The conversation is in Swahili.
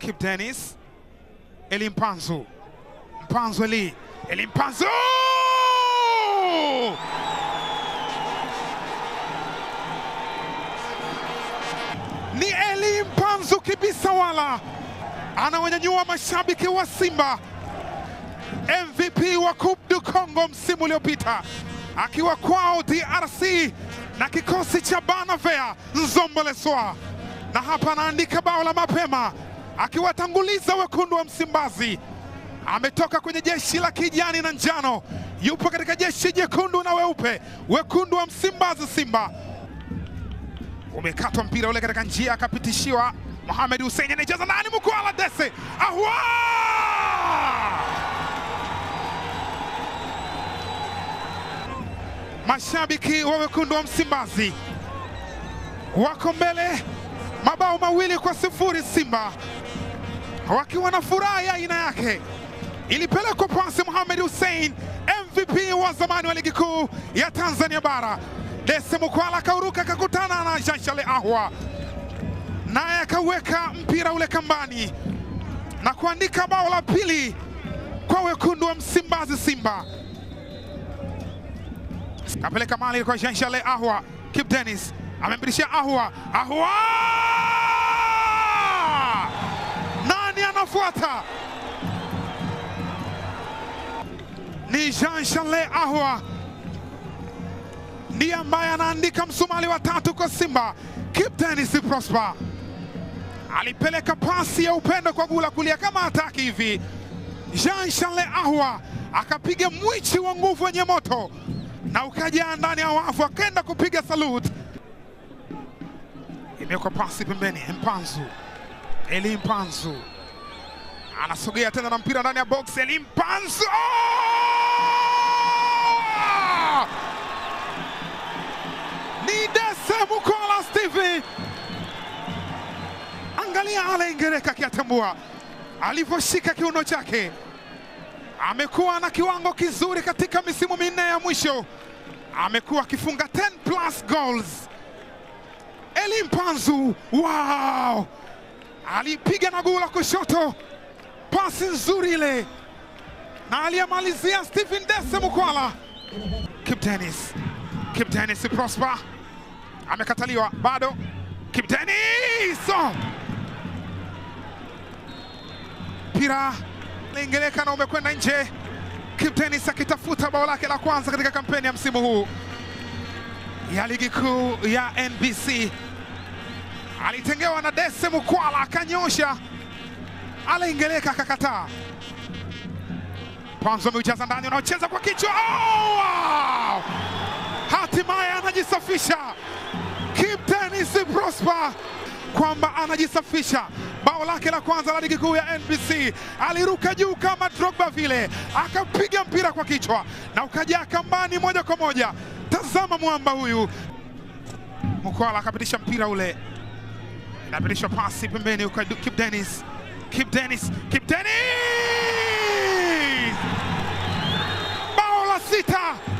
Kip Dennis, Eli Mpanzu, Mpanzu Eli, Ni Eli Mpanzu kibisa, wala mashabiki wa Simba. MVP wa Coupe du Congo msimu uliopita akiwa kwao DRC na kikosi cha Banavea Nzombo na hapa anaandika bao la mapema akiwatanguliza wekundu wa Msimbazi. Ametoka kwenye jeshi la kijani na njano, yupo katika jeshi jekundu na weupe. Wekundu wa Msimbazi, Simba umekatwa mpira ule katika njia, akapitishiwa Mohamed Hussein, anaicheza nani? Mukwala Dese ahwa! Mashabiki wa wekundu wa Msimbazi wako mbele mabao mawili kwa sifuri Simba wakiwa na furaha ya aina yake. Ilipelekwa pasi Mohamed Hussein, MVP wa zamani wa ligi kuu ya Tanzania bara. Dese Mukwala akauruka akakutana na Janshale Ahwa, naye akauweka mpira ule kambani na kuandika bao la pili kwa wekundu wa Msimbazi, Simba. Kapeleka mali kwa Janshale Ahwa, Kip Dennis amempitishia Ahwa, Ahwa anafuata ni Jean Charles Ahwa ndiye ambaye anaandika msumali wa tatu kwa Simba. Kiptenis Prosper alipeleka pasi ya upendo kwa gula kulia kama hataki hivi. Jean Charles Ahwa akapiga mwichi wa nguvu wenye moto na ukajaa ndani ya wavu, akaenda kupiga salute, imewekwa pasi pembeni. Mpanzu Eli Mpanzu anasogea tena na mpira ndani ya box. Elim Panzo oh! ni Dese Mukola Steve, angalia Ale Ingereka akiatambua alivyoshika kiuno chake. Amekuwa na kiwango kizuri katika misimu minne ya mwisho, amekuwa akifunga 10 plus goals. Elim Panzu wow! alipiga na guu la kushoto pasi nzuri ile, na aliyemalizia Stephen Dese Mukwala. Kip Dennis, Kip Dennis Prosper amekataliwa bado. Kip Dennis oh! mpira unaingeleka na umekwenda nje. Kip Dennis akitafuta bao lake la kwanza katika kampeni ya msimu huu ya ligi kuu ya NBC. Alitengewa na Dese Mukwala akanyosha alaingeleka akakataa. Pamzo ameucheza ndani, unaocheza kwa kichwa oh, wow! Hatimaye anajisafisha Kiptenisi Prosper kwamba anajisafisha. Bao lake la kwanza la ligi kuu ya NBC, aliruka juu kama Drogba vile, akapiga mpira kwa kichwa na ukajaa kambani moja kwa moja. Tazama mwamba huyu, Mukwala akapitisha mpira ule, inapitishwa pasi pembeni, Kip Dennis keep Dennis, keep Dennis! Bao la sita